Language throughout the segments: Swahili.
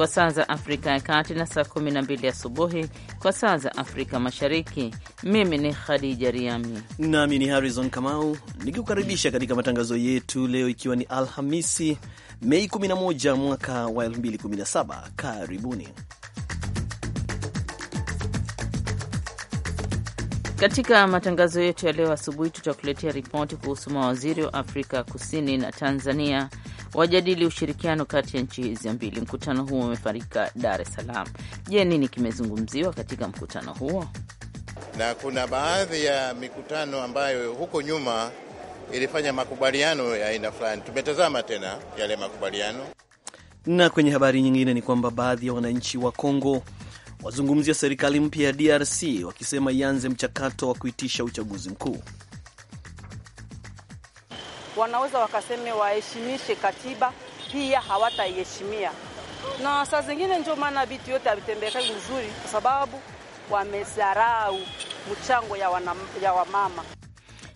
kwa saa za Afrika ya Kati na saa 12 asubuhi kwa saa za Afrika Mashariki. Mimi ni Khadija Riami nami ni Harrison Kamau nikikukaribisha katika matangazo yetu leo, ikiwa ni Alhamisi Mei 11 mwaka wa 2017. Karibuni Katika matangazo yetu ya leo asubuhi tutakuletea ripoti kuhusu mawaziri wa Afrika Kusini na Tanzania wajadili ushirikiano kati ya nchi hizi mbili. Mkutano huo umefanyika Dar es Salaam. Je, nini kimezungumziwa katika mkutano huo? Na kuna baadhi ya mikutano ambayo huko nyuma ilifanya makubaliano ya aina fulani, tumetazama tena yale makubaliano. Na kwenye habari nyingine ni kwamba baadhi ya wananchi wa Kongo wazungumzia serikali mpya ya DRC wakisema ianze mchakato wa kuitisha uchaguzi mkuu wanaweza wakaseme waheshimishe katiba, pia hawataiheshimia. Na saa zingine ndio maana vitu yote havitembeka vizuri, kwa sababu wamezarau mchango ya, ya wamama.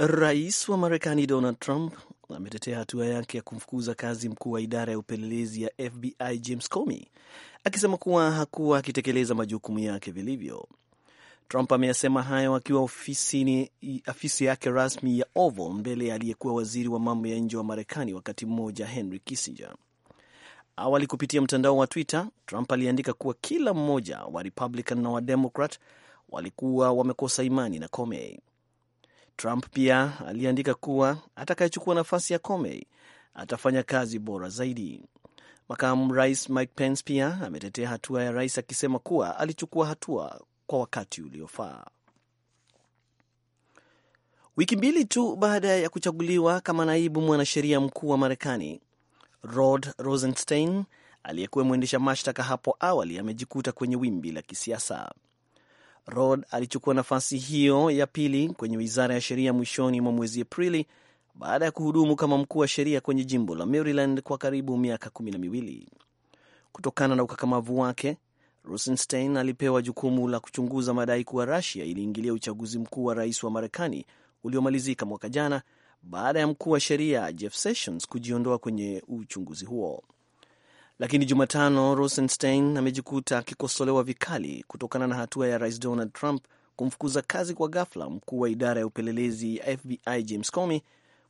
Rais wa Marekani Donald Trump ametetea hatua yake ya kumfukuza kazi mkuu wa idara ya upelelezi ya FBI James Comey, akisema kuwa hakuwa akitekeleza majukumu yake vilivyo. Trump ameyasema hayo akiwa ofisini, afisi yake rasmi ya Oval mbele ya aliyekuwa waziri wa mambo ya nje wa Marekani wakati mmoja Henry Kissinger. Awali kupitia mtandao wa Twitter, Trump aliandika kuwa kila mmoja wa Republican na wa Democrat walikuwa wamekosa imani na Comey. Trump pia aliandika kuwa atakayechukua nafasi ya Comey atafanya kazi bora zaidi. Makamu rais Mike Pence pia ametetea hatua ya rais akisema kuwa alichukua hatua kwa wakati uliofaa. Wiki mbili tu baada ya kuchaguliwa kama naibu mwanasheria mkuu wa Marekani, Rod Rosenstein aliyekuwa mwendesha mashtaka hapo awali amejikuta kwenye wimbi la kisiasa. Rod alichukua nafasi hiyo ya pili kwenye wizara ya sheria mwishoni mwa mwezi Aprili baada ya kuhudumu kama mkuu wa sheria kwenye jimbo la Maryland kwa karibu miaka kumi na miwili. Kutokana na ukakamavu wake, Rosenstein alipewa jukumu la kuchunguza madai kuwa rasia iliingilia uchaguzi mkuu wa rais wa Marekani uliomalizika mwaka jana baada ya mkuu wa sheria Jeff Sessions kujiondoa kwenye uchunguzi huo. Lakini Jumatano, Rosenstein amejikuta akikosolewa vikali kutokana na hatua ya Rais Donald Trump kumfukuza kazi kwa ghafla mkuu wa idara ya upelelezi ya FBI James Comey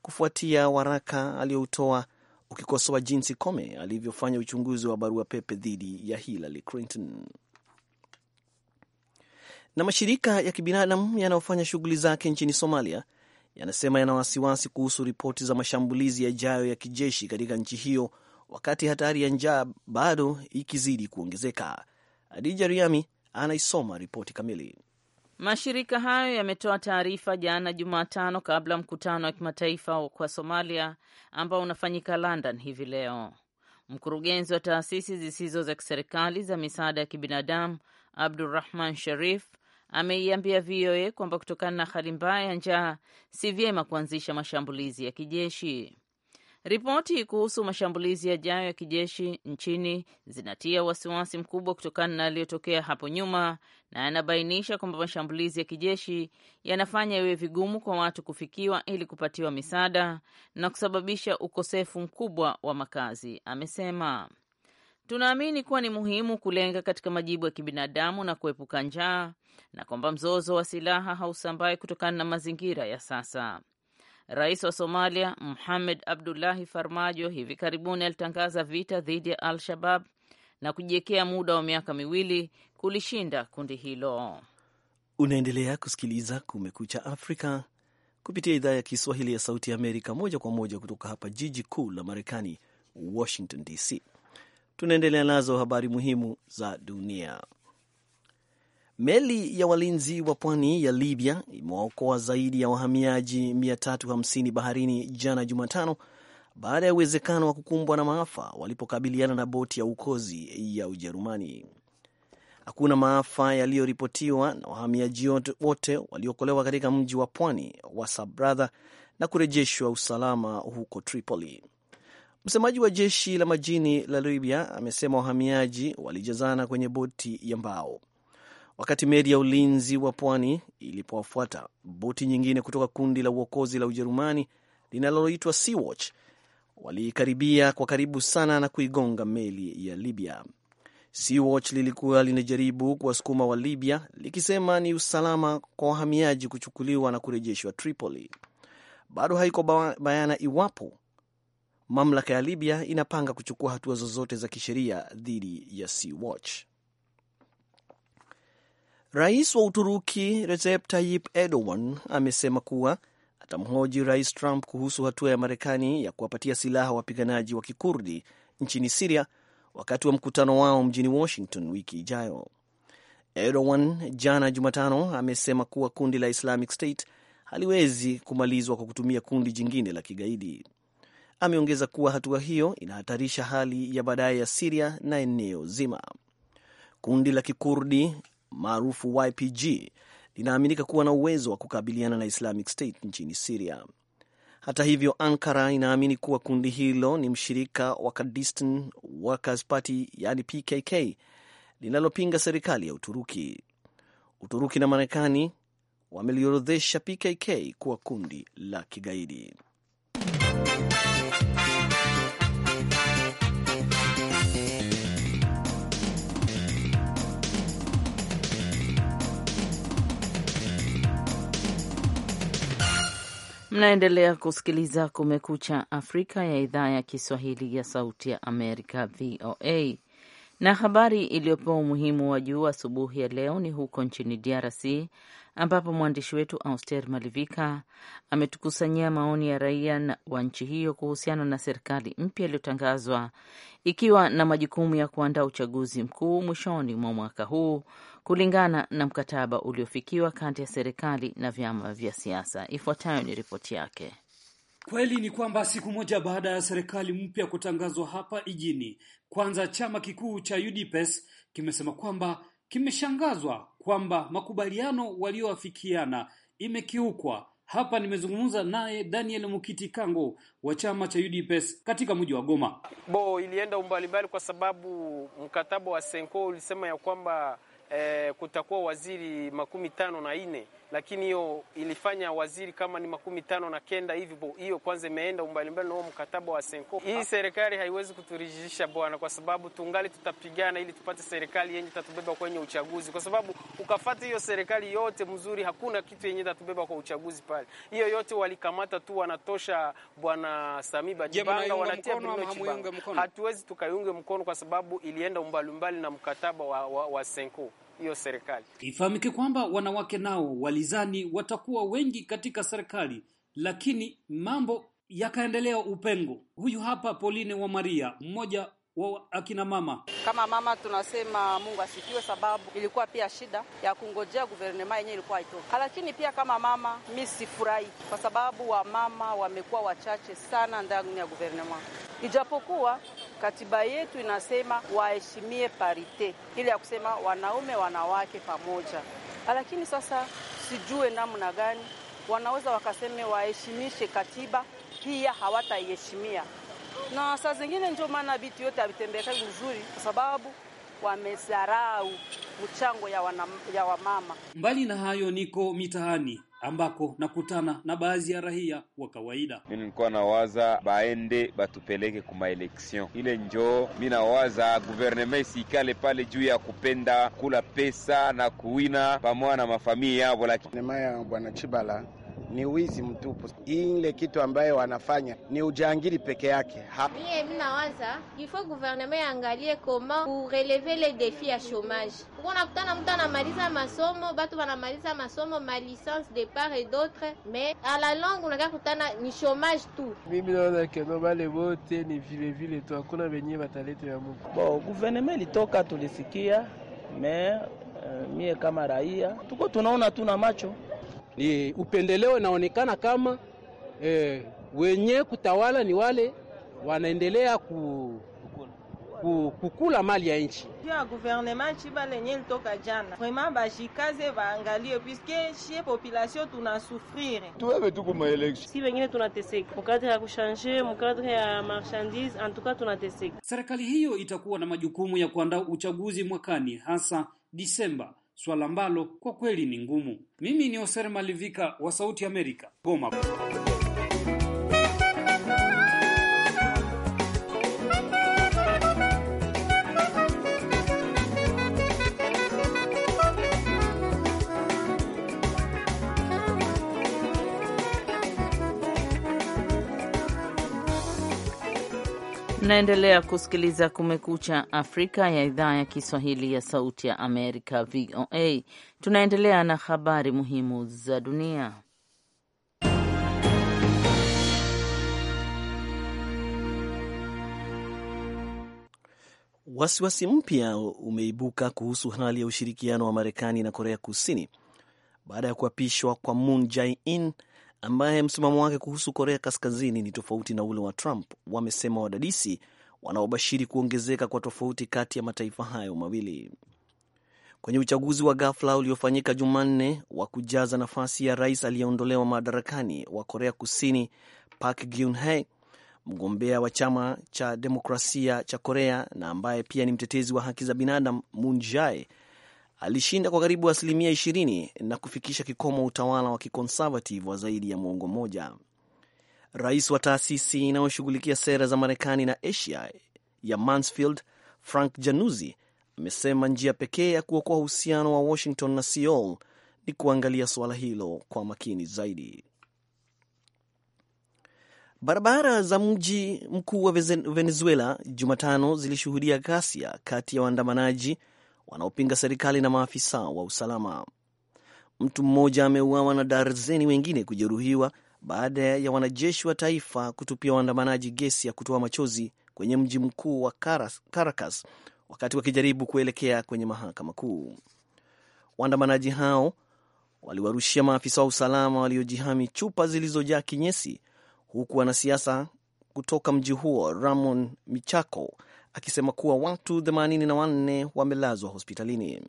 kufuatia waraka aliyoutoa ukikosoa jinsi Comey alivyofanya uchunguzi wa barua pepe dhidi ya Hillary Clinton. Na mashirika ya kibinadamu yanayofanya shughuli zake nchini Somalia yanasema yana wasiwasi kuhusu ripoti za mashambulizi yajayo ya kijeshi katika nchi hiyo wakati hatari ya njaa bado ikizidi kuongezeka. Adija Riami anaisoma ripoti kamili. Mashirika hayo yametoa taarifa jana Jumatano kabla ya mkutano wa kimataifa kwa Somalia ambao unafanyika London hivi leo. Mkurugenzi wa taasisi zisizo za kiserikali za misaada ya kibinadamu Abdurahman Sharif ameiambia VOA kwamba kutokana na hali mbaya ya njaa si vyema kuanzisha mashambulizi ya kijeshi. Ripoti kuhusu mashambulizi yajayo ya kijeshi nchini zinatia wasiwasi mkubwa kutokana na yaliyotokea hapo nyuma, na yanabainisha kwamba mashambulizi ya kijeshi yanafanya iwe vigumu kwa watu kufikiwa ili kupatiwa misaada na kusababisha ukosefu mkubwa wa makazi, amesema. Tunaamini kuwa ni muhimu kulenga katika majibu ya kibinadamu na kuepuka njaa na kwamba mzozo wa silaha hausambai kutokana na mazingira ya sasa. Rais wa Somalia muhamed Abdullahi Farmajo hivi karibuni alitangaza vita dhidi ya Al-Shabab na kujiwekea muda wa miaka miwili kulishinda kundi hilo. Unaendelea kusikiliza Kumekucha Afrika kupitia idhaa ya Kiswahili ya Sauti ya Amerika, moja kwa moja kutoka hapa jiji kuu la Marekani, Washington DC. Tunaendelea nazo habari muhimu za dunia. Meli ya walinzi wa pwani ya Libya imewaokoa zaidi ya wahamiaji 350 baharini jana Jumatano baada ya uwezekano wa kukumbwa na maafa walipokabiliana na boti ya ukozi ya Ujerumani. Hakuna maafa yaliyoripotiwa na wahamiaji wote waliokolewa katika mji wa pwani wa Sabratha na kurejeshwa usalama huko Tripoli. Msemaji wa jeshi la majini la Libya amesema wahamiaji walijazana kwenye boti ya mbao wakati meli ya ulinzi wa pwani ilipowafuata boti nyingine kutoka kundi la uokozi la Ujerumani linaloitwa Sea-Watch waliikaribia kwa karibu sana na kuigonga meli ya Libya. Sea-Watch lilikuwa linajaribu kuwasukuma wa Libya likisema ni usalama kwa wahamiaji kuchukuliwa na kurejeshwa Tripoli. Bado haiko bayana iwapo mamlaka ya Libya inapanga kuchukua hatua zozote za kisheria dhidi ya Sea-Watch. Rais wa Uturuki Recep Tayyip Erdogan amesema kuwa atamhoji Rais Trump kuhusu hatua ya Marekani ya kuwapatia silaha wapiganaji wa kikurdi nchini Siria wakati wa mkutano wao mjini Washington wiki ijayo. Erdogan jana Jumatano amesema kuwa kundi la Islamic State haliwezi kumalizwa kwa kutumia kundi jingine la kigaidi. Ameongeza kuwa hatua hiyo inahatarisha hali ya baadaye ya Siria na eneo zima. Kundi la kikurdi maarufu YPG linaaminika kuwa na uwezo wa kukabiliana na Islamic State nchini Siria. Hata hivyo, Ankara inaamini kuwa kundi hilo ni mshirika wa Kurdistan Workers Party yani PKK linalopinga serikali ya Uturuki. Uturuki na Marekani wameliorodhesha PKK kuwa kundi la kigaidi. Mnaendelea kusikiliza Kumekucha Afrika ya idhaa ya Kiswahili ya Sauti ya Amerika, VOA. Na habari iliyopewa umuhimu wa juu asubuhi ya leo ni huko nchini DRC ambapo mwandishi wetu Auster Malivika ametukusanyia maoni ya raia wa nchi hiyo kuhusiana na serikali mpya iliyotangazwa ikiwa na majukumu ya kuandaa uchaguzi mkuu mwishoni mwa mwaka huu kulingana na mkataba uliofikiwa kati ya serikali na vyama vya siasa. Ifuatayo ni ripoti yake. Kweli ni kwamba siku moja baada ya serikali mpya kutangazwa hapa ijini kwanza chama kikuu cha UDPS e kimesema kwamba kimeshangazwa kwamba makubaliano walioafikiana imekiukwa. Hapa nimezungumza naye Daniel Mukiti Kango wa chama cha UDPS katika mji wa Goma. Bo ilienda umbali mbali kwa sababu mkataba wa Senko ulisema ya kwamba eh, kutakuwa waziri makumi tano na nne lakini hiyo ilifanya waziri kama ni makumi tano na kenda hivi Hiyo kwanza imeenda umbali mbali na huo mkataba wa Senko. Hii ah. serikali haiwezi kuturijisha bwana, kwa sababu tungali tutapigana ili tupate serikali yenye tatubeba kwenye uchaguzi, kwa sababu ukafata hiyo serikali yote mzuri, hakuna kitu yenye tatubeba kwa uchaguzi pale. Hiyo yote walikamata tu, wanatosha bwana Sami Badibanga, wanatia Bruno Chibanga. Hatuwezi tukaiunge mkono kwa sababu ilienda umbali mbali na mkataba wa, wa, wa Senko hiyo serikali. Ifahamike kwamba wanawake nao walizani watakuwa wengi katika serikali, lakini mambo yakaendelea upengo. Huyu hapa Pauline wa Maria, mmoja wa akina mama. Kama mama tunasema Mungu asifiwe, sababu ilikuwa pia shida ya kungojea guvernema yenyewe ilikuwa haitoki. Lakini pia kama mama mi sifurahi kwa sababu wamama wamekuwa wachache sana ndani ya guvernema, ijapokuwa Katiba yetu inasema waheshimie parite, ile ya kusema wanaume wanawake pamoja, lakini sasa sijue namna gani wanaweza wakaseme waheshimishe katiba, pia hawataiheshimia. Na saa zingine ndio maana vitu yote havitembeekai vizuri, kwa sababu wamedharau mchango ya, ya wamama. Mbali na hayo, niko mitaani ambako nakutana na baadhi ya rahia wa kawaida. Mi nilikuwa nawaza baende batupeleke kumaeleksion ile njoo, mi nawaza guverneme isiikale pale juu ya kupenda kula pesa na kuwina pamoja na mafamii yavo, lakini nema ya bwana Chibala ni wizi mtupu. Ile kitu ambayo wanafanya ni ujangili peke yake. Mie minawaza ifo guverneme angalie koma kureleve le defi ya chomage. Unakutana mtu anamaliza masomo, batu wanamaliza masomo ma licence de part et d'autre, mais a la longue unaka kutana ni chomage tu. Mimi naona keno bale wote ni vile tu, hakuna venye batalete ya Mungu. Bo guverneme litoka tulisikia, me uh, mie kama raia tuko tunaona tu na macho ni upendeleo inaonekana kama e, wenye kutawala ni wale wanaendelea ku, ku, kukula mali ya nchi. Ya gouvernement chiba lenye litoka jana. Vraiment bashikaze baangalie puisque shie population tuna souffrir Tuwe tu kuma election. Si wengine tunateseka. Mkadri ya kushanje, mkadri ya marchandise, en tout antuka tunateseka. Serikali hiyo itakuwa na majukumu ya kuandaa uchaguzi mwakani hasa Disemba swala ambalo kwa kweli ni ngumu. Mimi ni hoser Malivika wa Sauti Amerika, Goma. Mnaendelea kusikiliza Kumekucha Afrika ya idhaa ya Kiswahili ya Sauti ya Amerika, VOA. Tunaendelea na habari muhimu za dunia. Wasiwasi mpya umeibuka kuhusu hali ya ushirikiano wa Marekani na Korea Kusini baada ya kuapishwa kwa Moon Jae-in ambaye msimamo wake kuhusu Korea Kaskazini ni tofauti na ule wa Trump, wamesema wadadisi wanaobashiri kuongezeka kwa tofauti kati ya mataifa hayo mawili. Kwenye uchaguzi wa ghafla uliofanyika Jumanne wa kujaza nafasi ya rais aliyeondolewa madarakani wa Korea Kusini Park Geun-hye, mgombea wa chama cha demokrasia cha Korea na ambaye pia ni mtetezi wa haki za binadamu Moon Jae alishinda kwa karibu asilimia 20 na kufikisha kikomo utawala wa kiconservative wa zaidi ya mwongo mmoja. Rais wa taasisi inayoshughulikia sera za Marekani na Asia ya Mansfield, Frank Januzi, amesema njia pekee ya kuokoa uhusiano wa Washington na Seoul ni kuangalia suala hilo kwa makini zaidi. Barabara za mji mkuu wa Venezuela Jumatano zilishuhudia ghasia kati ya waandamanaji wanaopinga serikali na maafisa wa usalama. Mtu mmoja ameuawa na darzeni wengine kujeruhiwa baada ya wanajeshi wa taifa kutupia waandamanaji gesi ya kutoa machozi kwenye mji mkuu wa Caracas wakati wakijaribu kuelekea kwenye mahakama kuu. Waandamanaji hao waliwarushia maafisa wa usalama waliojihami chupa zilizojaa kinyesi, huku wanasiasa kutoka mji huo Ramon Michako akisema kuwa watu 84 wamelazwa hospitalini.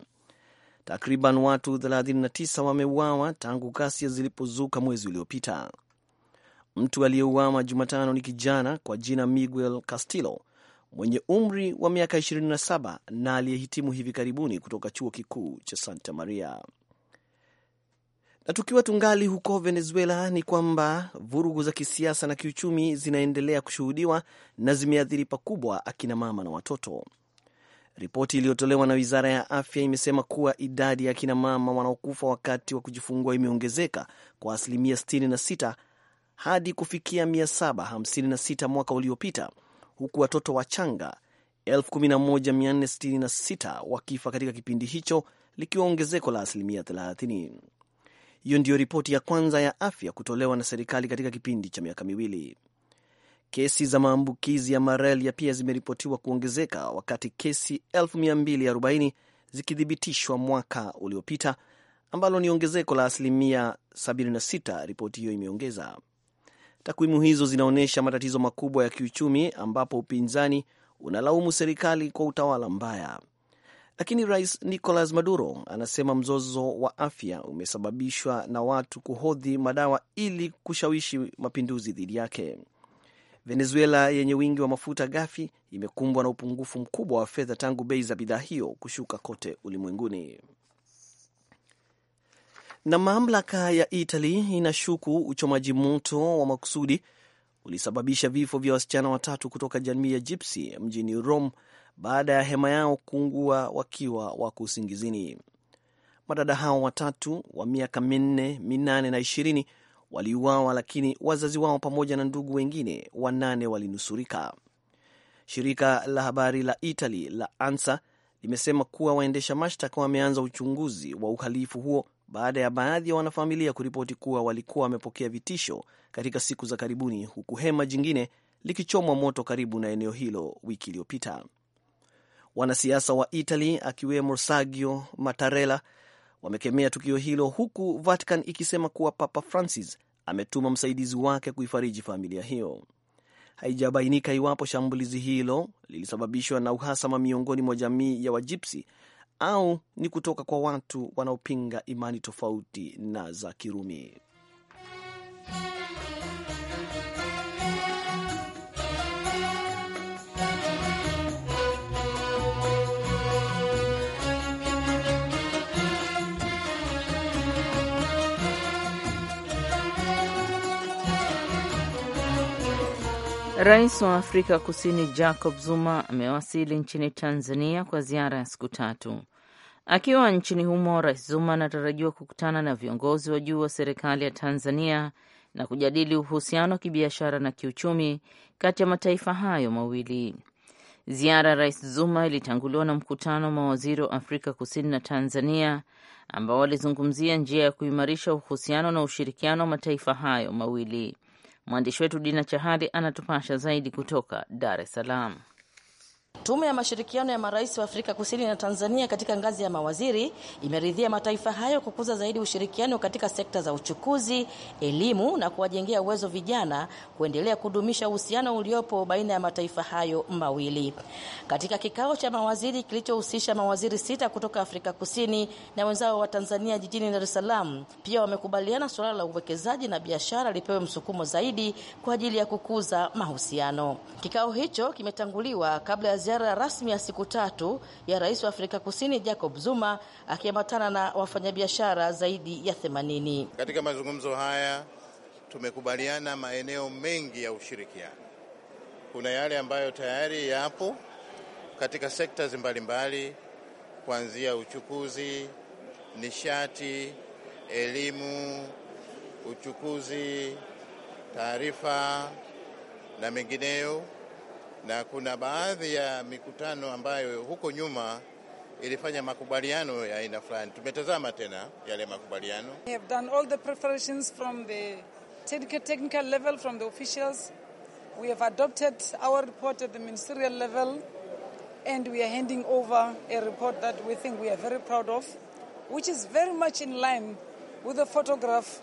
Takriban watu 39 wameuawa tangu ghasia zilipozuka mwezi uliopita. Mtu aliyeuawa Jumatano ni kijana kwa jina Miguel Castillo mwenye umri wa miaka 27 na aliyehitimu hivi karibuni kutoka chuo kikuu cha Santa Maria. Na tukiwa tungali huko Venezuela, ni kwamba vurugu za kisiasa na kiuchumi zinaendelea kushuhudiwa na zimeathiri pakubwa akina mama na watoto. Ripoti iliyotolewa na wizara ya afya imesema kuwa idadi ya akina mama wanaokufa wakati wa kujifungua imeongezeka kwa asilimia 66 hadi kufikia 756 mwaka uliopita, huku watoto wachanga 11466 wakifa katika kipindi hicho, likiwa ongezeko la asilimia 30. Hiyo ndiyo ripoti ya kwanza ya afya kutolewa na serikali katika kipindi cha miaka miwili. Kesi za maambukizi ya malaria pia zimeripotiwa kuongezeka wakati kesi 240 zikithibitishwa mwaka uliopita, ambalo ni ongezeko la asilimia 76, ripoti hiyo imeongeza. Takwimu hizo zinaonyesha matatizo makubwa ya kiuchumi, ambapo upinzani unalaumu serikali kwa utawala mbaya. Lakini Rais Nicolas Maduro anasema mzozo wa afya umesababishwa na watu kuhodhi madawa ili kushawishi mapinduzi dhidi yake. Venezuela yenye wingi wa mafuta ghafi imekumbwa na upungufu mkubwa wa fedha tangu bei za bidhaa hiyo kushuka kote ulimwenguni. Na mamlaka ya Itali inashuku uchomaji moto wa makusudi ulisababisha vifo vya wasichana watatu kutoka jamii ya Jipsi mjini Rome baada ya hema yao kuungua wakiwa wako usingizini. Madada hao watatu wa miaka minne, minane na ishirini waliuawa, lakini wazazi wao pamoja na ndugu wengine wanane walinusurika. Shirika la habari la Italy la ANSA limesema kuwa waendesha mashtaka wameanza uchunguzi wa uhalifu huo baada ya baadhi ya wanafamilia kuripoti kuwa walikuwa wamepokea vitisho katika siku za karibuni, huku hema jingine likichomwa moto karibu na eneo hilo wiki iliyopita. Wanasiasa wa Italy akiwemo Sergio Mattarella wamekemea tukio hilo, huku Vatican ikisema kuwa Papa Francis ametuma msaidizi wake kuifariji familia hiyo. Haijabainika iwapo shambulizi hilo lilisababishwa na uhasama miongoni mwa jamii ya Wajipsi au ni kutoka kwa watu wanaopinga imani tofauti na za Kirumi. Rais wa Afrika Kusini Jacob Zuma amewasili nchini Tanzania kwa ziara ya siku tatu. Akiwa nchini humo, Rais Zuma anatarajiwa kukutana na viongozi wa juu wa serikali ya Tanzania na kujadili uhusiano wa kibiashara na kiuchumi kati ya mataifa hayo mawili. Ziara ya Rais Zuma ilitanguliwa na mkutano wa mawaziri wa Afrika Kusini na Tanzania ambao walizungumzia njia ya kuimarisha uhusiano na ushirikiano wa mataifa hayo mawili. Mwandishi wetu Dina Chahali anatupasha zaidi kutoka Dar es Salaam. Tume ya mashirikiano ya marais wa Afrika Kusini na Tanzania katika ngazi ya mawaziri imeridhia mataifa hayo kukuza zaidi ushirikiano katika sekta za uchukuzi, elimu na kuwajengea uwezo vijana kuendelea kudumisha uhusiano uliopo baina ya mataifa hayo mawili. Katika kikao cha mawaziri kilichohusisha mawaziri sita kutoka Afrika Kusini na wenzao wa Tanzania jijini Dar es Salaam, pia wamekubaliana suala la uwekezaji na biashara lipewe msukumo zaidi kwa ajili ya kukuza mahusiano. Kikao hicho kimetanguliwa kabla ya ziara rasmi ya siku tatu ya rais wa Afrika Kusini Jacob Zuma akiambatana na wafanyabiashara zaidi ya 80. Katika mazungumzo haya tumekubaliana maeneo mengi ya ushirikiano. Kuna yale ambayo tayari yapo katika sekta mbalimbali kuanzia uchukuzi, nishati, elimu, uchukuzi, taarifa na mengineyo na kuna baadhi ya mikutano ambayo huko nyuma ilifanya makubaliano ya aina fulani. Tumetazama tena yale makubaliano. We have done all the preparations from the technical level from the officials. We have adopted our report at the ministerial level and we are handing over a report that we think we are very proud of which is very much in line with the photograph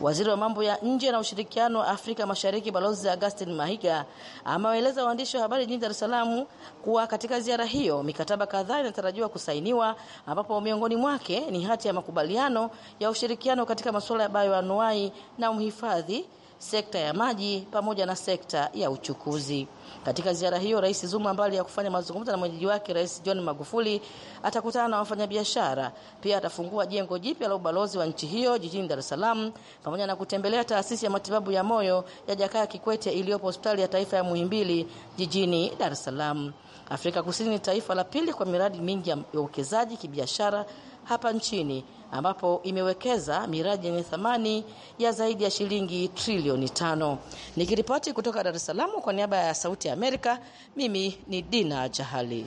Waziri wa mambo ya nje na ushirikiano wa Afrika Mashariki Balozi Augustin Mahiga amewaeleza waandishi wa habari jijini Dar es Salaam kuwa katika ziara hiyo mikataba kadhaa inatarajiwa kusainiwa ambapo miongoni mwake ni hati ya makubaliano ya ushirikiano katika masuala ya bayoanuai na umhifadhi sekta ya maji pamoja na sekta ya uchukuzi. Katika ziara hiyo, Rais Zuma mbali ya kufanya mazungumzo na mwenyeji wake Rais John Magufuli atakutana na wafanyabiashara, pia atafungua jengo jipya la ubalozi wa nchi hiyo jijini Dar es Salaam pamoja na kutembelea taasisi ya matibabu ya moyo ya Jakaya Kikwete iliyopo hospitali ya taifa ya Muhimbili jijini Dar es Salaam. Afrika Kusini ni taifa la pili kwa miradi mingi ya uwekezaji kibiashara hapa nchini ambapo imewekeza miradi yenye thamani ya zaidi ya shilingi trilioni tano. Nikiripoti kutoka Dar es Salaam kwa niaba ya Sauti ya Amerika, mimi ni Dina Jahali.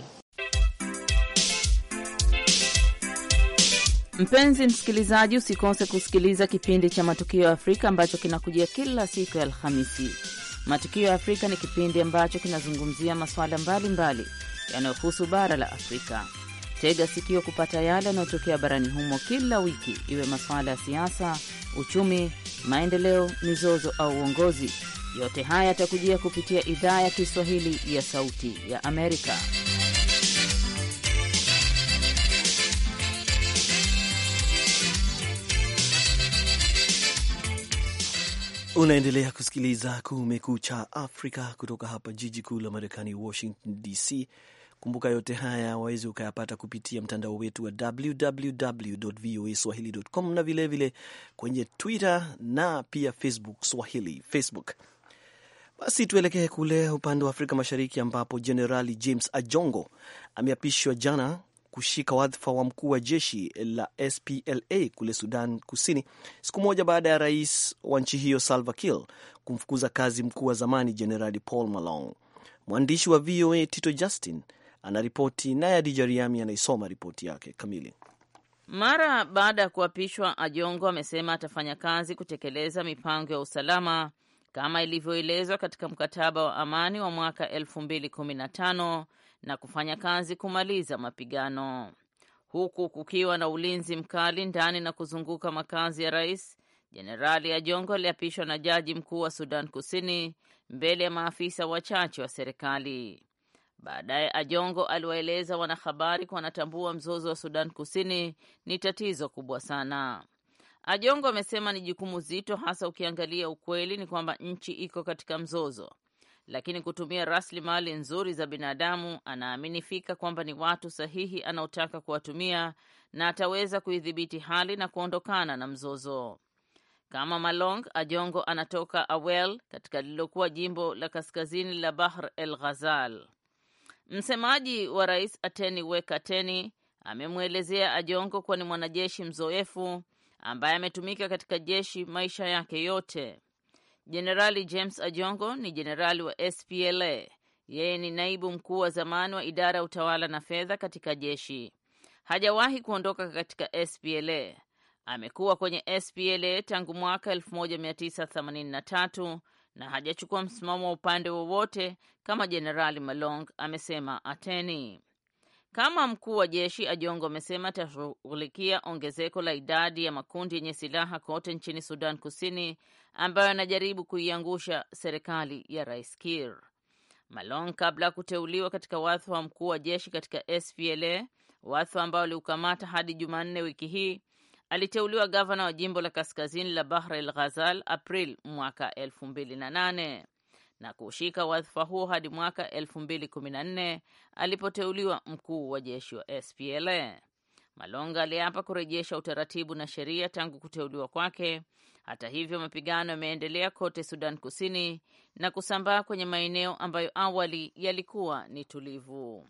Mpenzi msikilizaji, usikose kusikiliza kipindi cha Matukio ya Afrika ambacho kinakujia kila siku ya Alhamisi. Matukio ya Afrika ni kipindi ambacho kinazungumzia masuala mbalimbali yanayohusu bara la Afrika. Tega sikio kupata yale yanayotokea barani humo kila wiki, iwe masuala ya siasa, uchumi, maendeleo, mizozo au uongozi. Yote haya yatakujia kupitia idhaa ya Kiswahili ya Sauti ya Amerika. Unaendelea kusikiliza Kumekucha Afrika kutoka hapa jiji kuu la Marekani, Washington DC, Kumbuka yote haya wawezi ukayapata kupitia mtandao wetu wa swahilicom na vilevile vile kwenye Twitter na pia Facebook Swahili Facebook. Basi tuelekee kule upande wa Afrika Mashariki ambapo Jenerali James Ajongo ameapishwa jana kushika wadhifa wa mkuu wa jeshi la SPLA kule Sudan Kusini, siku moja baada ya rais wa nchi hiyo Salva Kiir kumfukuza kazi mkuu wa zamani Jenerali Paul Malong. Mwandishi wa VOA Tito Justin anaripoti naye Adija Riami anaisoma ripoti yake kamili. Mara baada ya kuapishwa, Ajongo amesema atafanya kazi kutekeleza mipango ya usalama kama ilivyoelezwa katika mkataba wa amani wa mwaka elfu na kufanya kazi kumaliza mapigano huku kukiwa na ulinzi mkali ndani na kuzunguka makazi ya rais. Jenerali Ajongo aliapishwa na jaji mkuu wa Sudan Kusini mbele ya maafisa wachache wa serikali. Baadaye Ajongo aliwaeleza wanahabari kuwa anatambua mzozo wa Sudan Kusini ni tatizo kubwa sana. Ajongo amesema ni jukumu zito, hasa ukiangalia ukweli ni kwamba nchi iko katika mzozo, lakini kutumia rasilimali nzuri za binadamu, anaamini fika kwamba ni watu sahihi anaotaka kuwatumia na ataweza kuidhibiti hali na kuondokana na mzozo. Kama Malong, Ajongo anatoka Awel katika lililokuwa jimbo la kaskazini la Bahr el Ghazal. Msemaji wa rais Ateni Wek Ateni amemwelezea Ajongo kuwa ni mwanajeshi mzoefu ambaye ametumika katika jeshi maisha yake yote. Jenerali James Ajongo ni jenerali wa SPLA. Yeye ni naibu mkuu wa zamani wa idara ya utawala na fedha katika jeshi. Hajawahi kuondoka katika SPLA. Amekuwa kwenye SPLA tangu mwaka 1983 na hajachukua msimamo wa upande wowote kama Jenerali Malong amesema Ateni. Kama mkuu wa jeshi Ajongo amesema atashughulikia ongezeko la idadi ya makundi yenye silaha kote nchini Sudan Kusini ambayo anajaribu kuiangusha serikali ya Rais Kir. Malong kabla ya kuteuliwa katika wadhifa wa mkuu wa jeshi katika SPLA, wadhifa ambao aliukamata hadi Jumanne wiki hii, Aliteuliwa gavana wa jimbo la kaskazini la Bahr el Ghazal April mwaka 2008 na kuushika wadhifa huo hadi mwaka 2014 alipoteuliwa mkuu wa jeshi wa SPLA. Malonga aliapa kurejesha utaratibu na sheria tangu kuteuliwa kwake. Hata hivyo, mapigano yameendelea kote Sudan Kusini na kusambaa kwenye maeneo ambayo awali yalikuwa ni tulivu.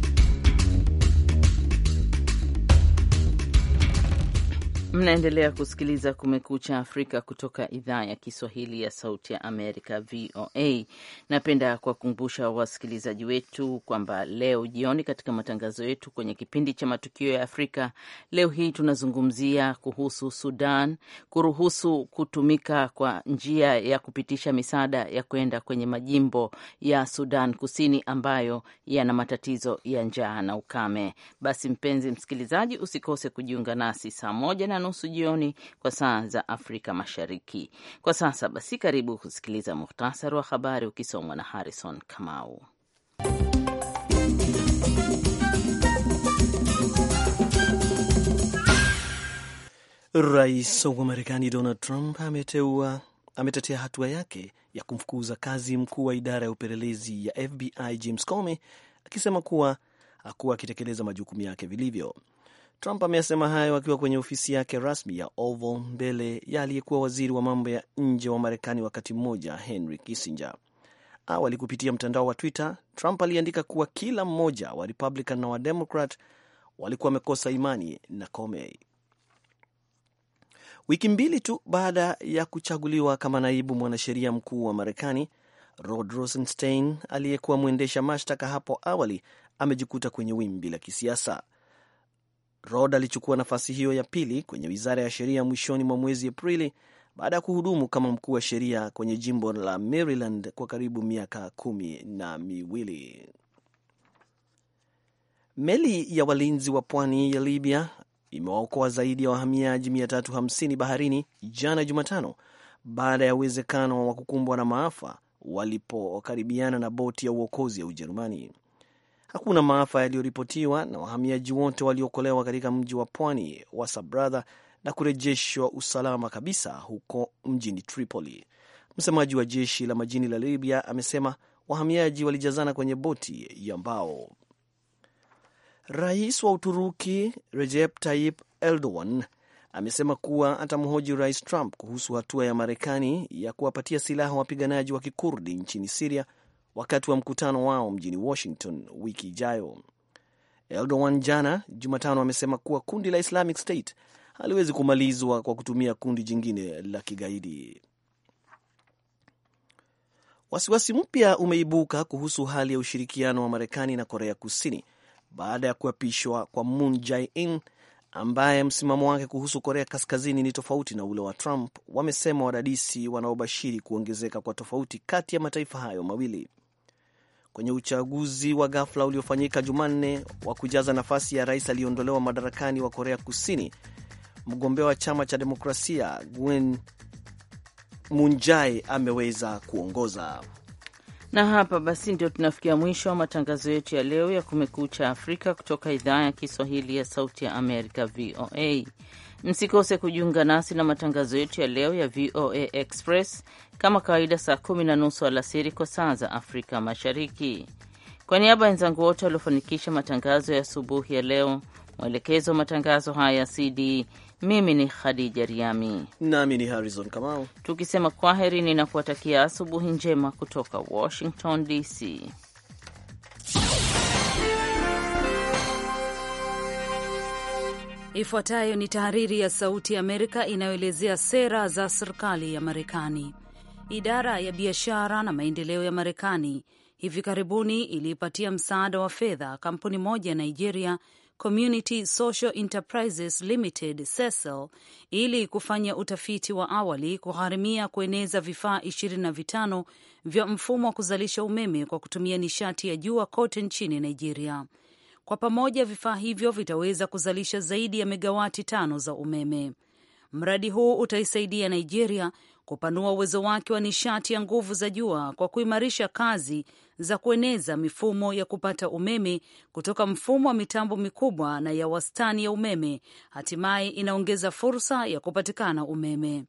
Mnaendelea kusikiliza Kumekucha Afrika kutoka idhaa ya Kiswahili ya Sauti ya Amerika, VOA. Napenda kuwakumbusha wasikilizaji wetu kwamba leo jioni katika matangazo yetu kwenye kipindi cha Matukio ya Afrika, leo hii tunazungumzia kuhusu Sudan kuruhusu kutumika kwa njia ya kupitisha misaada ya kwenda kwenye majimbo ya Sudan Kusini ambayo yana matatizo ya njaa na ukame. Basi mpenzi msikilizaji, usikose kujiunga nasi saa moja na nusu jioni kwa saa za Afrika Mashariki. Kwa sasa basi, karibu kusikiliza muhtasari wa habari ukisomwa na Harrison Kamau. Rais wa Marekani Donald Trump ameteua ametetea hatua yake ya kumfukuza kazi mkuu wa idara ya upelelezi ya FBI James Comey akisema kuwa hakuwa akitekeleza majukumu yake vilivyo. Trump amesema hayo akiwa kwenye ofisi yake rasmi ya Oval mbele ya aliyekuwa waziri wa mambo ya nje wa Marekani wakati mmoja Henry Kissinger. Awali kupitia mtandao wa Twitter, Trump aliandika kuwa kila mmoja wa Republican na wademokrat walikuwa wamekosa imani na Comey. Wiki mbili tu baada ya kuchaguliwa kama naibu mwanasheria mkuu wa Marekani, Rod Rosenstein aliyekuwa mwendesha mashtaka hapo awali amejikuta kwenye wimbi la kisiasa. Rod alichukua nafasi hiyo ya pili kwenye wizara ya sheria mwishoni mwa mwezi Aprili baada ya kuhudumu kama mkuu wa sheria kwenye jimbo la Maryland kwa karibu miaka kumi na miwili. Meli ya walinzi wa pwani ya Libya imewaokoa zaidi ya wahamiaji 350 baharini jana Jumatano baada ya uwezekano wa kukumbwa na maafa walipokaribiana na boti ya uokozi ya Ujerumani. Hakuna maafa yaliyoripotiwa na wahamiaji wote waliokolewa katika mji wa pwani wa Sabratha na kurejeshwa usalama kabisa huko mjini Tripoli. Msemaji wa jeshi la majini la Libya amesema wahamiaji walijazana kwenye boti ya mbao. Rais wa Uturuki Recep Tayyip Erdogan amesema kuwa atamhoji Rais Trump kuhusu hatua ya Marekani ya kuwapatia silaha wapiganaji wa Kikurdi nchini Siria wakati wa mkutano wao mjini Washington wiki ijayo. Erdogan jana Jumatano amesema kuwa kundi la Islamic State haliwezi kumalizwa kwa kutumia kundi jingine la kigaidi. Wasiwasi mpya umeibuka kuhusu hali ya ushirikiano wa Marekani na Korea Kusini baada ya kuapishwa kwa Moon Jae-in ambaye msimamo wake kuhusu Korea Kaskazini ni tofauti na ule wa Trump, wamesema wadadisi wanaobashiri kuongezeka kwa tofauti kati ya mataifa hayo mawili kwenye uchaguzi wa ghafla uliofanyika Jumanne wa kujaza nafasi ya rais aliyeondolewa madarakani wa Korea Kusini. Mgombea wa chama cha demokrasia Gwen Munjae ameweza kuongoza. Na hapa basi ndio tunafikia mwisho wa matangazo yetu ya leo ya Kumekucha Afrika kutoka idhaa ya Kiswahili ya Sauti ya Amerika, VOA. Msikose kujiunga nasi na matangazo yetu ya leo ya VOA Express kama kawaida saa kumi na nusu alasiri kwa saa za Afrika Mashariki. Kwa niaba ya wenzangu wote waliofanikisha matangazo ya asubuhi ya leo, mwelekezo wa matangazo haya ya CD, mimi ni Khadija Riami nami ni Harrison Kamau, tukisema kwaheri, ninakuwatakia asubuhi njema kutoka Washington DC. Ifuatayo ni tahariri ya Sauti ya Amerika inayoelezea sera za serikali ya Marekani. Idara ya biashara na maendeleo ya Marekani hivi karibuni iliipatia msaada wa fedha kampuni moja ya Nigeria, Community Social Enterprises Limited Cecil, ili kufanya utafiti wa awali kugharimia kueneza vifaa 25 vya mfumo wa kuzalisha umeme kwa kutumia nishati ya jua kote nchini Nigeria. Kwa pamoja vifaa hivyo vitaweza kuzalisha zaidi ya megawati tano za umeme. Mradi huu utaisaidia Nigeria kupanua uwezo wake wa nishati ya nguvu za jua kwa kuimarisha kazi za kueneza mifumo ya kupata umeme kutoka mfumo wa mitambo mikubwa na ya wastani ya umeme, hatimaye inaongeza fursa ya kupatikana umeme.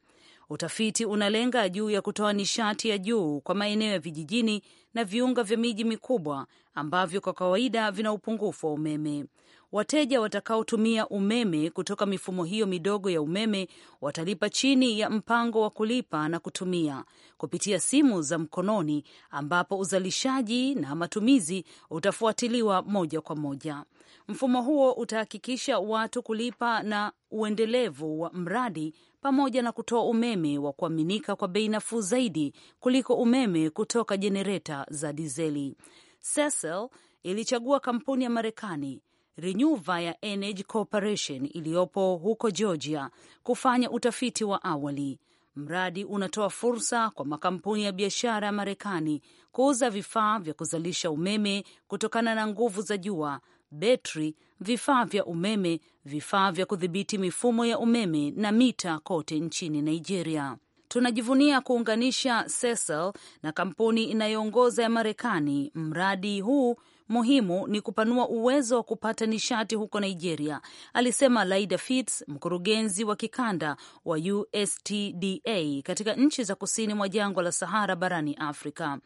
Utafiti unalenga juu ya kutoa nishati ya juu kwa maeneo ya vijijini na viunga vya miji mikubwa ambavyo kwa kawaida vina upungufu wa umeme wateja watakaotumia umeme kutoka mifumo hiyo midogo ya umeme watalipa chini ya mpango wa kulipa na kutumia kupitia simu za mkononi, ambapo uzalishaji na matumizi utafuatiliwa moja kwa moja. Mfumo huo utahakikisha watu kulipa na uendelevu wa mradi pamoja na kutoa umeme wa kuaminika kwa bei nafuu zaidi kuliko umeme kutoka jenereta za dizeli. Cecil ilichagua kampuni ya Marekani Renyuva ya Energy Corporation iliyopo huko Georgia kufanya utafiti wa awali. Mradi unatoa fursa kwa makampuni ya biashara ya Marekani kuuza vifaa vya kuzalisha umeme kutokana na nguvu za jua, betri, vifaa vya umeme, vifaa vya kudhibiti mifumo ya umeme na mita kote nchini Nigeria. Tunajivunia kuunganisha Sesel na kampuni inayoongoza ya Marekani mradi huu muhimu ni kupanua uwezo wa kupata nishati huko Nigeria, alisema Laida Fitz, mkurugenzi wa kikanda wa USTDA katika nchi za kusini mwa jangwa la Sahara barani Afrika.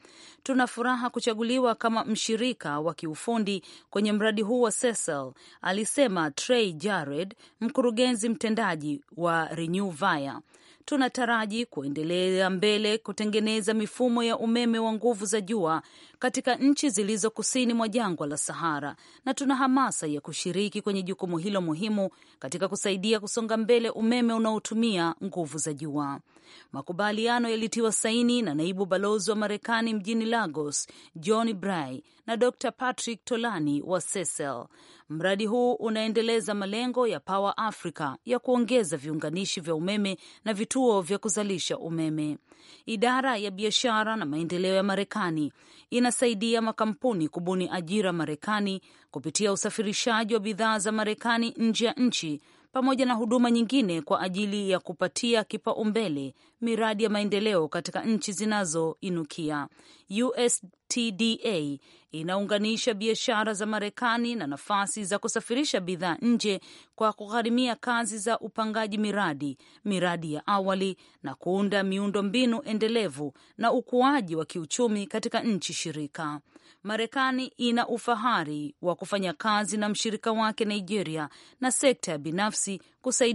Tuna furaha kuchaguliwa kama mshirika wa kiufundi kwenye mradi huu wa Sesel, alisema Trey Jared, mkurugenzi mtendaji wa Renew Via tunataraji kuendelea mbele kutengeneza mifumo ya umeme wa nguvu za jua katika nchi zilizo kusini mwa jangwa la Sahara, na tuna hamasa ya kushiriki kwenye jukumu hilo muhimu katika kusaidia kusonga mbele umeme unaotumia nguvu za jua. Makubaliano yalitiwa saini na naibu balozi wa Marekani mjini Lagos, John Bry na Dr Patrick Tolani wa Sesel. Mradi huu unaendeleza malengo ya Power Africa ya kuongeza viunganishi vya umeme na vituo vya kuzalisha umeme. Idara ya biashara na maendeleo ya Marekani inasaidia makampuni kubuni ajira Marekani kupitia usafirishaji wa bidhaa za Marekani nje ya nchi pamoja na huduma nyingine kwa ajili ya kupatia kipaumbele miradi ya maendeleo katika nchi zinazoinukia. USTDA inaunganisha biashara za Marekani na nafasi za kusafirisha bidhaa nje kwa kugharimia kazi za upangaji miradi, miradi ya awali na kuunda miundo mbinu endelevu na ukuaji wa kiuchumi katika nchi shirika. Marekani ina ufahari wa kufanya kazi na mshirika wake Nigeria na sekta ya binafsi kusaidia